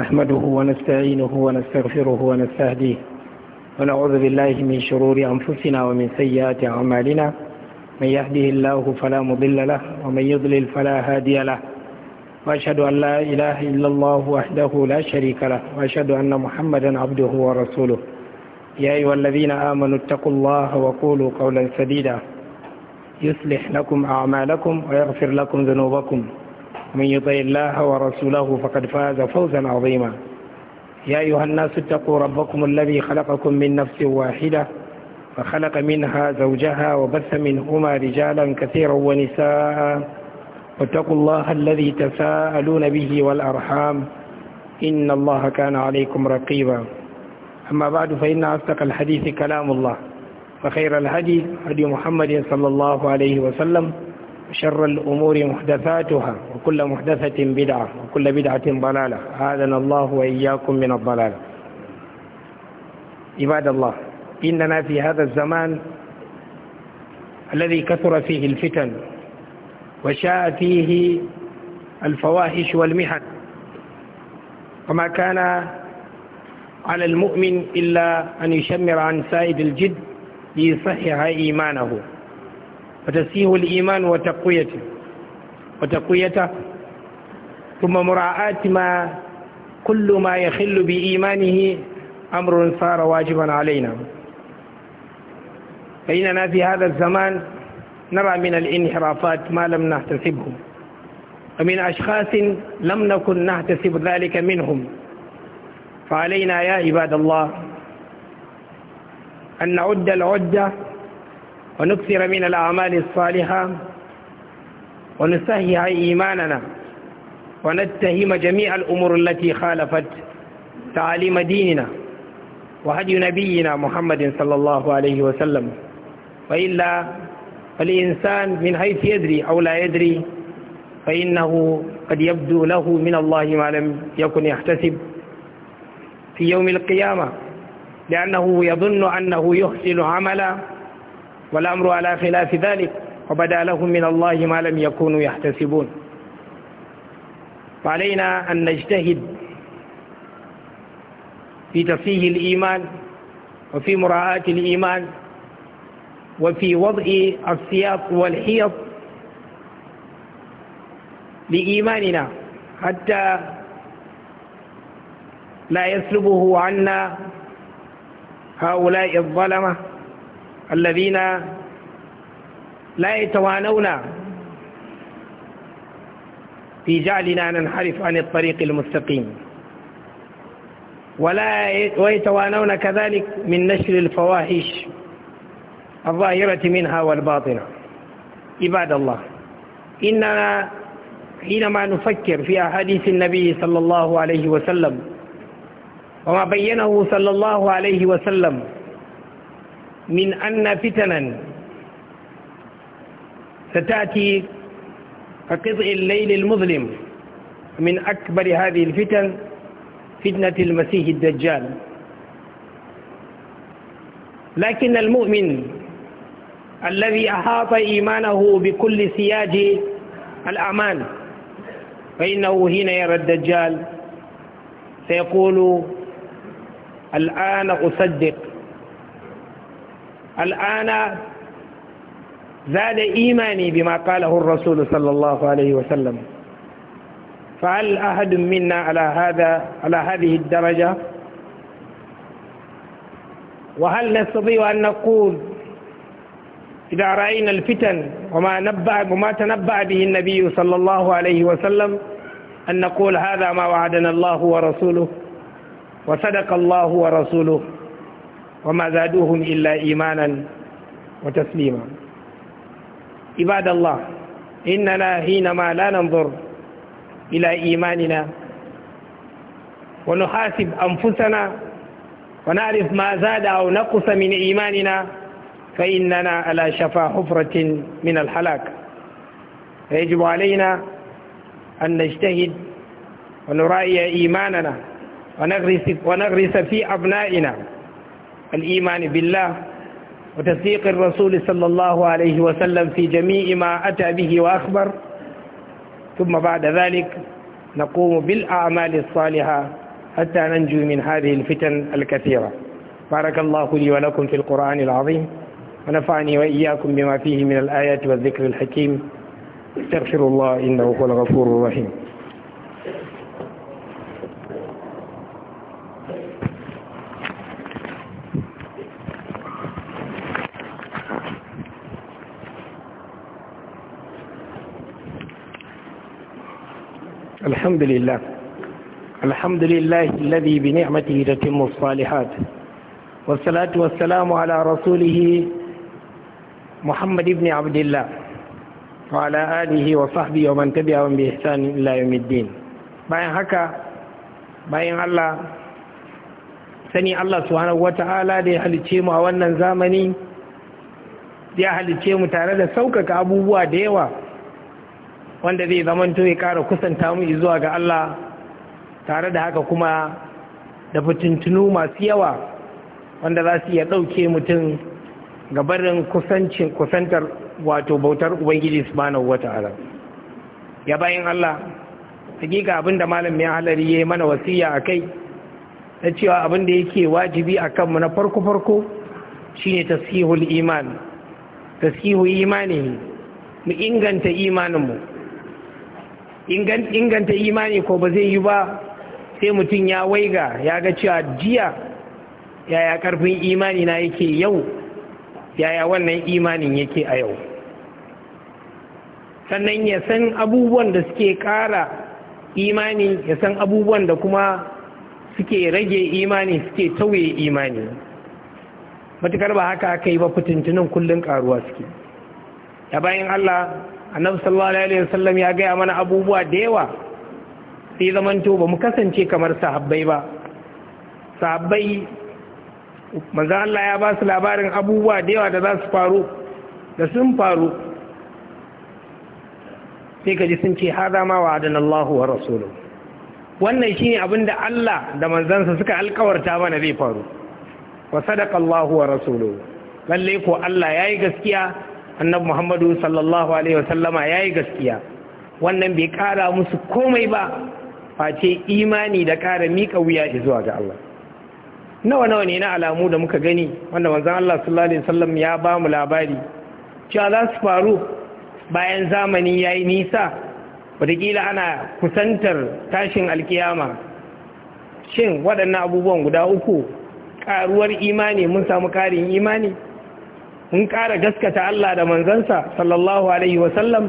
نحمده ونستعينه ونستغفره ونستهديه ونعوذ بالله من شرور أنفسنا ومن سيئات أعمالنا من يهده الله فلا مضل له ومن يضلل فلا هادي له وأشهد أن لا إله إلا الله وحده لا شريك له وأشهد أن محمدا عبده ورسوله يا أيها الذين آمنوا اتقوا الله وقولوا قولا سديدا يصلح لكم أعمالكم ويغفر لكم ذنوبكم من يطع الله ورسوله فقد فاز فوزا عظيما يا أيها الناس اتقوا ربكم الذي خلقكم من نفس واحدة فخلق منها زوجها وبث منهما رجالا كثيرا ونساء واتقوا الله الذي تساءلون به والأرحام إن الله كان عليكم رقيبا أما بعد فإن أصدق الحديث كلام الله فخير الهدي هدي محمد صلى الله عليه وسلم شر الأمور محدثاتها وكل محدثة بدعة وكل بدعة ضلالة آذنا الله وإياكم من الضلالة عباد الله إننا في هذا الزمان الذي كثر فيه الفتن وشاء فيه الفواحش والمحن وما كان على المؤمن إلا أن يشمر عن سائد الجد ليصحح إيمانه وتسيح الإيمان وتقويته وتقويته ثم مراعاة ما كل ما يخل بإيمانه أمر صار واجبا علينا فإننا في هذا الزمان نرى من الانحرافات ما لم نحتسبه ومن أشخاص لم نكن نحتسب ذلك منهم فعلينا يا عباد الله أن نعد العدة ونكثر من الأعمال الصالحة ونسهح إيماننا ونتهم جميع الأمور التي خالفت تعاليم ديننا وهدي نبينا محمد صلى الله عليه وسلم وإلا فالإنسان من حيث يدري أو لا يدري فإنه قد يبدو له من الله ما لم يكن يحتسب في يوم القيامة لأنه يظن أنه يحسن عملا والأمر على خلاف ذلك وبدا لهم من الله ما لم يكونوا يحتسبون فعلينا أن نجتهد في تصحيح الإيمان وفي مراعاة الإيمان وفي وضع السياط والحيط لإيماننا حتى لا يسلبه عنا هؤلاء الظلمة الذين لا يتوانون في جعلنا ننحرف عن الطريق المستقيم ولا ويتوانون كذلك من نشر الفواحش الظاهرة منها والباطنة عباد الله إننا حينما نفكر في أحاديث النبي صلى الله عليه وسلم وما بينه صلى الله عليه وسلم من أن فتنا ستأتي كقطع الليل المظلم من أكبر هذه الفتن فتنة المسيح الدجال لكن المؤمن الذي أحاط إيمانه بكل سياج الأمان فإنه حين يرى الدجال سيقول الآن أصدق الآن زاد إيماني بما قاله الرسول صلى الله عليه وسلم فهل أحد منا على هذا على هذه الدرجة وهل نستطيع أن نقول إذا رأينا الفتن وما نبأ وما تنبأ به النبي صلى الله عليه وسلم أن نقول هذا ما وعدنا الله ورسوله وصدق الله ورسوله وما زادوهم إلا إيمانا وتسليما عباد الله إننا حينما لا ننظر إلى إيماننا ونحاسب أنفسنا ونعرف ما زاد أو نقص من إيماننا فإننا على شفا حفرة من الحلاك فيجب علينا أن نجتهد ونرأي إيماننا ونغرس, ونغرس في أبنائنا الإيمان بالله وتصديق الرسول صلى الله عليه وسلم في جميع ما أتى به وأخبر ثم بعد ذلك نقوم بالأعمال الصالحة حتى ننجو من هذه الفتن الكثيرة بارك الله لي ولكم في القرآن العظيم ونفعني وإياكم بما فيه من الآيات والذكر الحكيم استغفر الله إنه هو الغفور الرحيم الحمد لله الحمد لله الذي بنعمته تتم الصالحات والصلاة والسلام على رسوله محمد بن عبد الله وعلى آله وصحبه ومن تبعهم بإحسان إلى يوم الدين باين هكا باين الله sani Allah subhanahu wata'ala da ya halice mu a wannan zamani ya halice mu tare da saukaka abubuwa da yawa wanda zai zamanto ya kara kusanta mu zuwa ga Allah tare da haka kuma da fitintunu masu yawa wanda za su iya ɗauke mutum ga barin kusantar wato bautar ubangiji subhanahu wata'ala ya bayan Allah hakika abinda malam ya halari ya mana wasiya a kai na cewa abinda yake wajibi a kanmu na farko-farko shine tasihul iman tasihul imani mu inganta imaninmu inganta imani ko ba zai yi ba sai mutum ya waiga ya ga cewa jiya yaya karfin imani na yake yau yaya wannan imanin yake a yau sannan ya san abubuwan da suke kara imani ya san abubuwan da kuma suke rage imani suke tauye imani matukar ba haka aka yi ba fitintunan kullum karuwa suke ya bayan allah annabi sallallahu alaihi wasallam ya gaya mana abubuwa da yawa sai zamanto ba mu kasance kamar sahabbai ba sahabbai manzo Allah ya ba su labarin abubuwa da yawa da za su faru da sun faru sai ka ji sun ce hada ma wa'adana Allah wa rasuluhu wannan shine abin da Allah da manzansa suka alkawarta mana zai faru wa sadaqa Allah wa rasuluhu lalle ko Allah ya yi gaskiya annabi muhammadu sallallahu alaihi wasallama ya yi gaskiya wannan bai kara musu komai ba face imani da kara miƙa wuya zuwa ga Allah nawa nawa ne na alamu da muka gani wanda manzon Allah sallallahu alaihi wasallam ya ba mu labari cewa za su faru bayan zamani ya yi nisa wataƙila ana kusantar tashin alkiyama shin waɗannan abubuwan guda uku ƙaruwar imani mun samu ƙarin imani mun kara gaskata Allah da manzansa sallallahu alaihi wasallam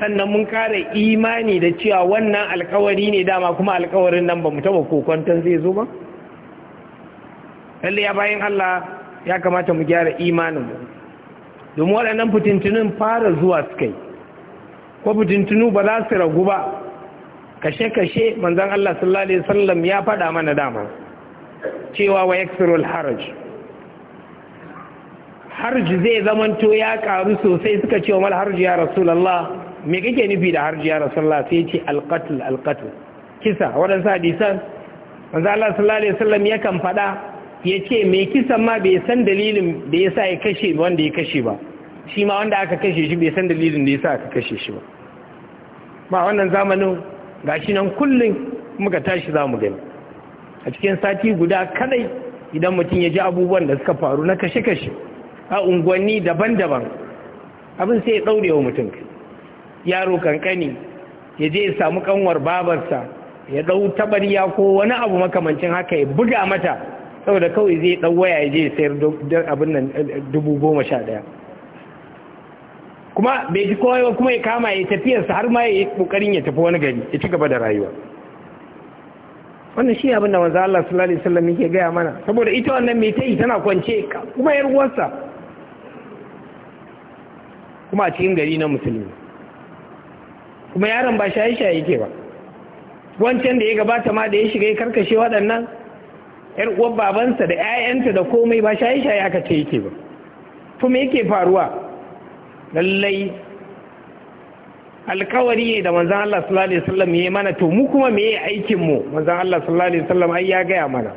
sannan mun kara imani da cewa wannan alkawari ne dama kuma alkawarin nan ba mu taba kokonton zai zo ba lalle ya bayan Allah ya kamata mu gyara imanin mu domin waɗannan fitintunin fara zuwa su kai ko fitintunu ba za su ragu ba kashe-kashe manzan Allah sallallahu Alaihi wasallam ya faɗa mana dama cewa wa yaksurul haraj harji zai zamanto ya karu sosai suka ce wa mal harji ya rasulullah me kake nufi da harji ya rasulullah sai ce alqatl alqatl kisa waɗansu hadisan manzo Allah sallallahu alaihi wasallam kan fada ce me kisan ma bai san dalilin da yasa ya kashe wanda ya kashe ba shi ma wanda aka kashe shi bai san dalilin da yasa aka kashe shi ba ba wannan zamanin gashi nan kullun muka tashi zamu gani a cikin sati guda kadai idan mutum ya ji abubuwan da suka faru na kashe-kashe a unguwanni daban-daban abin sai ya ɗaure wa mutum yaro kankani ya je ya samu kanwar babarsa ya ɗau tabariya ko wani abu makamancin haka ya buga mata saboda kawai zai ɗau waya ya je ya sayar abin nan eh, dubu goma sha ɗaya kuma bai ji kowa kuma ya kama ya tafiyarsa har ma ya yi ƙoƙarin ya tafi wani gari ya ci gaba da rayuwa wannan shi abin da manzo Allah sallallahu alaihi wasallam yake gaya mana saboda ita wannan mai tayi tana kwance kuma yar uwarsa kuma a cikin gari na musulmi kuma yaron ba shaye-shaye ke ba wancan da ya gabata ma da ya shiga ya karkashe waɗannan yar uwar babansa da ƴaƴanta da komai ba shaye-shaye aka ce yake ba kuma yake faruwa lallai alkawari ne da manzan Allah sallallahu alaihi wasallam yayi mana to mu kuma me aikin mu manzan Allah sallallahu alaihi wasallam ai ya gaya mana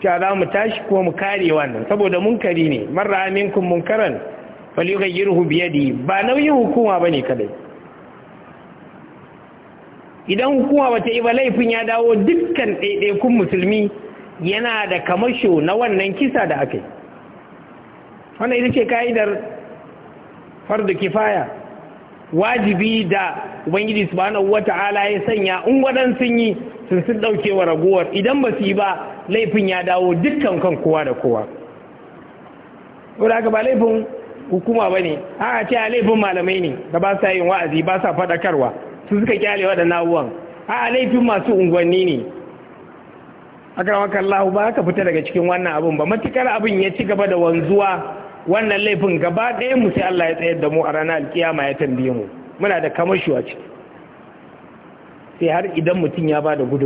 cewa za mu tashi ko mu kare wannan saboda munkari ne marra ra'a minkum munkaran da biyadihi ba nauyin hukuma bane kadai idan hukuma bata yi ba laifin ya dawo dukkan ɗaiɗaikun musulmi yana da kamasho na wannan kisa da aka yi wannan ita ce ka'idar fardu kifaya wajibi da ubangiji subhanahu wata'ala ya sanya in wadan sun yi sun sun dauke wa raguwar idan ba su yi ba laifin ya dawo dukkan kan kowa da kowa ba laifin hukuma ba ne a ce a laifin malamai ne da ba sa yin wa'azi ba sa faɗakarwa su suka kyale da abubuwan a laifin masu unguwanni ne akaramaka Allah ba ka fita daga cikin wannan abin ba matukar abin ya ci gaba da wanzuwa wannan laifin gaba ɗaya mu sai Allah ya tsayar da mu a ranar alkiyama ya tambaye mu muna da kamar a ciki sai har idan mutum ya ba da su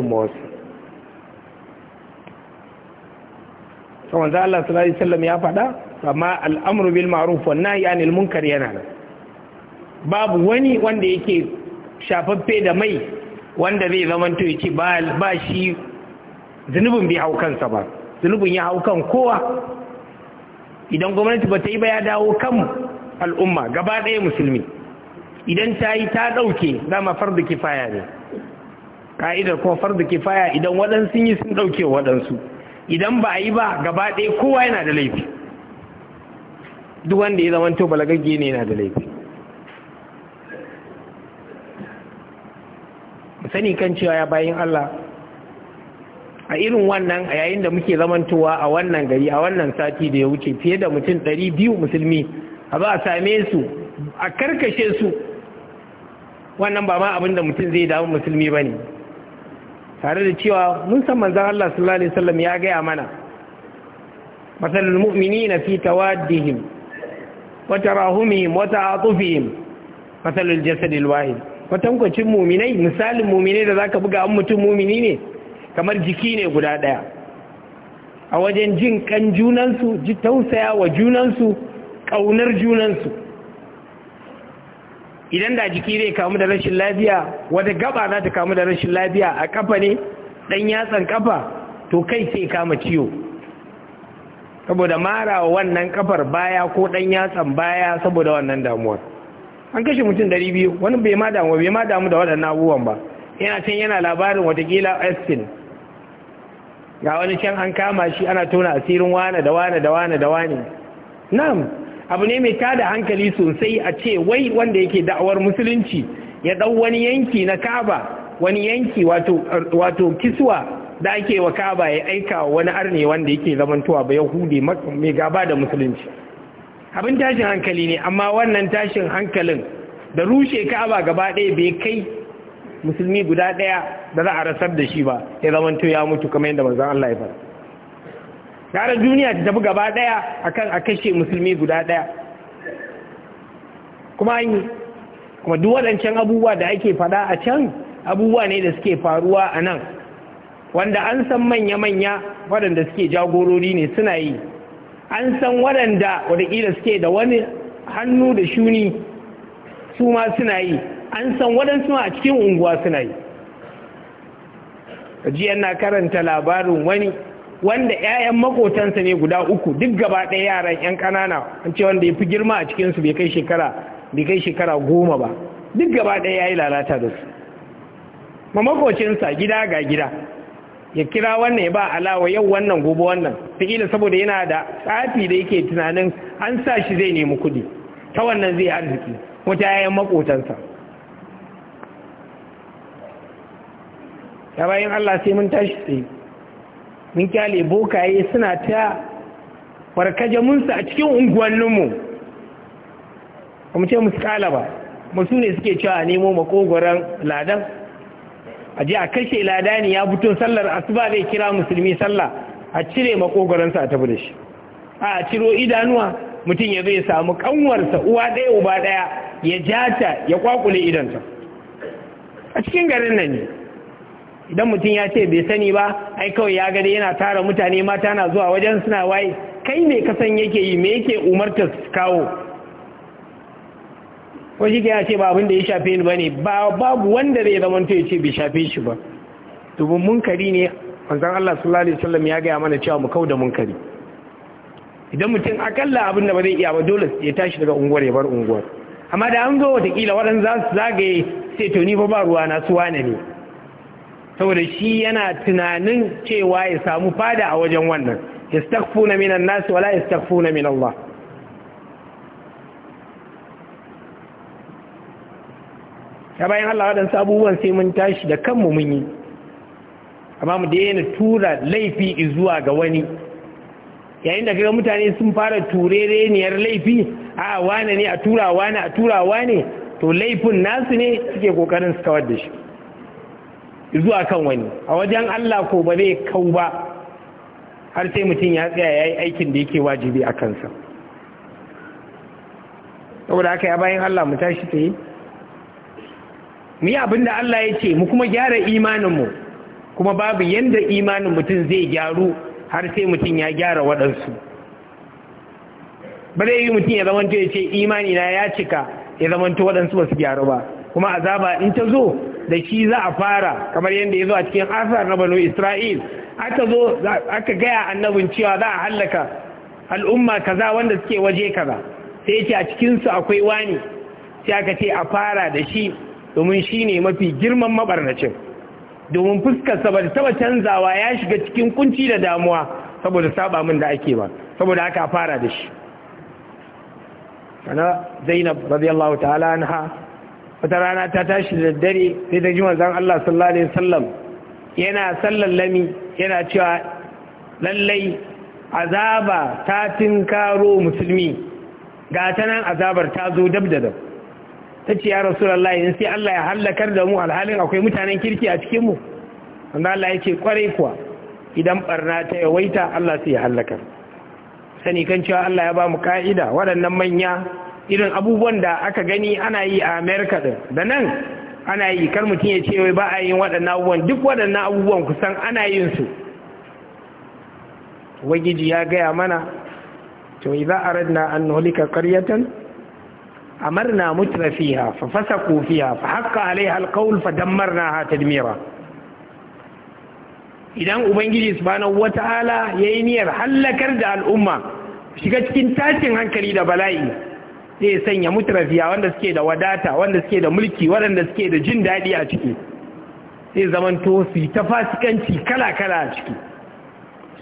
kamar za Allah sallallahu alaihi ya faɗa amma al'amru bil ma'ruf wan nahyi munkar yana nan babu wani wanda yake shafaffe da mai wanda zai zama to yake ba shi zunubin bai hau kansa ba zunubin ya hau kan kowa idan gwamnati ba ta yi ba ya dawo kan al'umma gaba ɗaya musulmi idan ta yi ta ɗauke dama fardu kifaya ne ka'idar kuma fardu kifaya idan waɗansu yi sun ɗauke waɗansu idan ba a yi ba gaba ɗaya kowa yana da laifi duk wanda ya zama tobala gaggi ne yana da laifi sani kan cewa ya bayin Allah a irin wannan a yayin da muke zamantowa a wannan gari a wannan sati da ya wuce fiye da mutum ɗari biyu musulmi a ba a same su a karkashe su wannan ba ma abin da mutum zai damu musulmi ba ne tare da cewa mun san manzan Allah sallallahu alaihi wasallam ya gaya mana mu'mini na fi tawaddihim وتراهمهم وتعاطفهم مثل الجسد الواحد kwatankwacin muminai misalin muminai da zaka buga an mutum mumini ne kamar jiki ne guda daya a wajen jin kan junansu ji tausaya wa junansu kaunar junansu idan da jiki zai kamu da rashin lafiya wata gaba za ta kamu da rashin lafiya a kafa ne dan yatsan kafa to kai sai kama ciwo saboda mara wannan kafar baya ko dan yatsan baya saboda wannan damuwar an kashe mutum ɗari biyu wani bai ma damu bai ma damu da waɗannan abubuwan ba yana can yana labarin watakila estin ga wani can an kama shi ana tona asirin wane da wane da wane da wane nam abu ne mai tada hankali sosai a ce wai wanda yake da'awar musulunci ya ɗau wani yanki na kaba wani yanki wato kiswa da ake wa kaba ya aika wani arne wanda yake zamantowa ba yahudi mai gaba da musulunci abin tashin hankali ne amma wannan tashin hankalin da rushe kaba gaba ɗaya bai kai musulmi guda ɗaya da za a rasar da shi ba ya zamanto ya mutu kamar yadda manzon Allah ya gara duniya ta tafi gaba ɗaya akan a kashe musulmi guda ɗaya kuma an yi kuma duk waɗancan abubuwa da ake faɗa a can abubuwa ne da suke faruwa a nan wanda an san manya-manya waɗanda suke jagorori ne suna yi an san waɗanda waɗanda suke da wani hannu da shuni su ma suna yi an san waɗansu a cikin unguwa suna yi jiya na karanta labarin wani wanda 'ya'yan makotansa ne guda uku duk gaba ɗaya yaran 'yan ƙanana an ce wanda ya fi girma a cikinsu bai kai shekara bai kai shekara goma ba duk gaba ɗaya ya yi lalata da su ma makocinsa gida ga gida ya kira wannan ya ba alawa yau wannan gobe wannan fikila saboda yana da tsafi da yake tunanin an sa shi zai nemi kudi ta wannan zai arziki wata yayan makotansa ta bayan Allah sai mun tashi sai mun kyale bokaye suna ta warkaje munsa a cikin unguwanninmu ba mu ce musu kala ba musu ne suke cewa nemo makogoron ladan a je a kashe ladani ya fito sallar asuba zai kira musulmi sallah a cire makogoransa a tafi da shi a ciro idanuwa mutum ya zai samu kanwarsa uwa ɗaya uba ɗaya ya jata ya kwakule idanta a cikin garin nan ne idan mutum ya ce bai sani ba ai kawai ya gani yana tara mutane mata na zuwa wajen suna waye kai me kasan yake yi me yake umarta su kawo ko shi ya ce ba abin da ya shafe ni bane ba babu wanda zai zama to ya ce bai shafe shi ba domin munkari ne manzon Allah sallallahu alaihi wasallam ya gaya mana cewa mu kauda munkari idan mutum akalla abin da ba zai iya ba dole ya tashi daga unguwar ya bar unguwar amma da an zo watakila waɗanda za su zagaye sai to ni fa ba ruwa na su wane ne saboda shi yana tunanin cewa ya samu fada a wajen wannan yastaghfuna minan nas wala yastaghfuna min Allah ta bayan Allah waɗansu abubuwan sai mun tashi da kanmu mun yi amma mu daina tura laifi zuwa ga wani yayin da kaga mutane sun fara turereniyar laifi a wane ne a tura wane a tura wane to laifin nasu ne suke kokarin su kawar da shi zuwa kan wani a wajen Allah ko ba zai kau ba har sai mutum ya tsaya ya yi aikin da yake wajibi a kansa saboda haka ya bayan Allah mu tashi ta yi. mu yi abin da Allah ya ce mu kuma gyara imaninmu kuma babu yadda imanin mutum zai gyaru har sai mutum ya gyara waɗansu ba zai yi mutum ya zamanta ya ce imani na ya cika ya zamanta waɗansu ba su gyaru ba kuma azaba in ta zo da shi za a fara kamar yadda ya zo a cikin asar na banu isra'il aka zo aka gaya annabin cewa za a hallaka al'umma kaza wanda suke waje kaza sai ce a cikinsu akwai wani sai aka ce a fara da shi domin shi ne mafi girman mabarnacin domin fuskarsa ba da taba canzawa ya shiga cikin kunci da damuwa saboda saba min da ake ba saboda aka fara da shi Kana zainab radiyallahu ta'ala anha wata rana ta tashi da daddare sai ta ji manzon Allah sallallahu alaihi wasallam yana sallan lami yana cewa lallai azaba ta tinkaro musulmi ga tanan nan azabar ta zo dab da dab ta ce ya rasulallah in sai Allah ya hallakar da mu alhalin akwai mutanen kirki a cikinmu. mu wanda Allah ya ce kwarai kuwa idan barna ta yawaita Allah sai ya hallakar sani kan cewa Allah ya ba mu ka'ida waɗannan manya irin abubuwan da aka gani ana yi a America din da nan ana yi kar mutum ya ce wai ba a yin waɗannan abubuwan duk waɗannan abubuwan kusan ana yin su wagiji ya gaya mana to idza aradna an nuhlika qaryatan amarna mutna fiha fa fasaku fiha fa haqqa alaiha alqawl idan ubangiji subhanahu wata'ala yayi niyyar halakar da al'umma shiga cikin tashin hankali da bala'i zai sanya mutrafiya wanda suke da wadata wanda suke da mulki waɗanda suke da jin daɗi a ciki zai zamanto su ta fasikanci kala-kala a ciki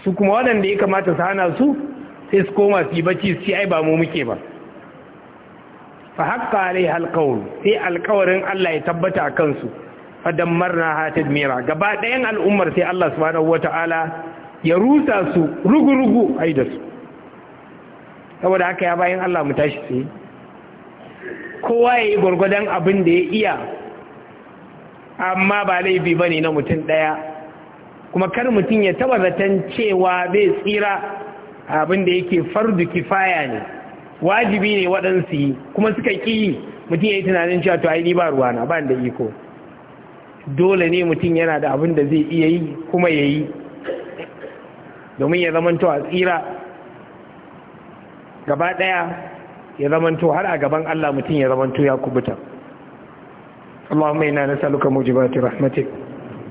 su kuma waɗanda ya kamata su hana su sai su koma su yi bacci su ai ba mu muke ba fa haqqa alaiha alqawl sai alƙawarin Allah ya tabbata a kansu fa dammarna ha tadmira gaba ɗayan al'ummar sai Allah subhanahu wataala ya rusa su rugurugu yi da su saboda haka ya bayan Allah mu tashi sai kowa ya yi gwargwadon abin da ya iya amma ba laifi ba ne na mutum ɗaya kuma kar mutum ya taba zaton cewa zai tsira abin da yake fardu kifaya ne wajibi ne waɗansu yi kuma suka ƙi yi mutum ya yi tunanin cewa to aini ba ruwa na ba da iko dole ne mutum yana da abin da zai iya yi kuma ya yi domin ya zamanto a tsira gaba ɗaya ya zamanto har a gaban Allah mutum ya zamanto ya kubuta اللهم إنا نسألك موجبات رحمتك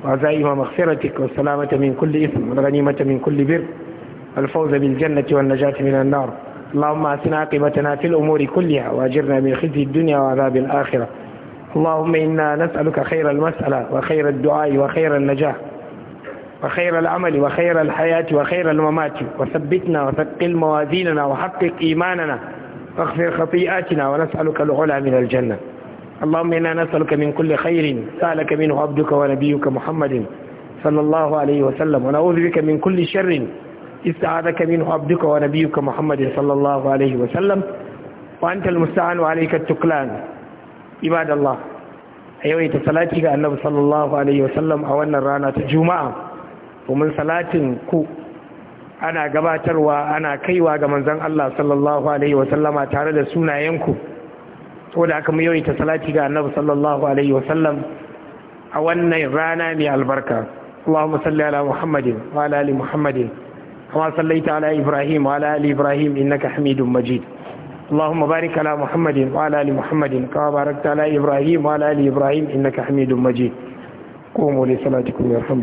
وعزائم مغفرتك والسلامة من كل إثم والغنيمة من كل بر الفوز بالجنة والنجاة من النار اللهم أتنا عاقبتنا في الأمور كلها وأجرنا من خزي الدنيا وعذاب الآخرة اللهم إنا نسألك خير المسألة وخير الدعاء وخير النجاح وخير العمل وخير الحياة وخير الممات وثبتنا وثقل موازيننا وحقق إيماننا واغفر خطيئاتنا ونسألك العلا من الجنة اللهم إنا نسألك من كل خير سألك منه عبدك ونبيك محمد صلى الله عليه وسلم ونعوذ بك من كل شر استعاذك منه عبدك ونبيك محمد صلى الله عليه وسلم وأنت المستعان وعليك التكلان عباد الله yawaita salati ga annabi sallallahu a wannan rana ta juma'a domin salatin ku ana gabatarwa ana kaiwa ga manzan Allah sallallahu alaihi tare da sunayenku saboda aka mu yawaita salati ga annabi sallallahu a wannan rana mai albarka Allahumma salli ala Muhammadin wa ala ali Muhammadin كما صليت على إبراهيم وعلى آل إبراهيم إنك حميد مجيد اللهم بارك على محمد وعلى آل محمد كما باركت على إبراهيم وعلى آل إبراهيم إنك حميد مجيد قوموا لصلاتكم يرحمكم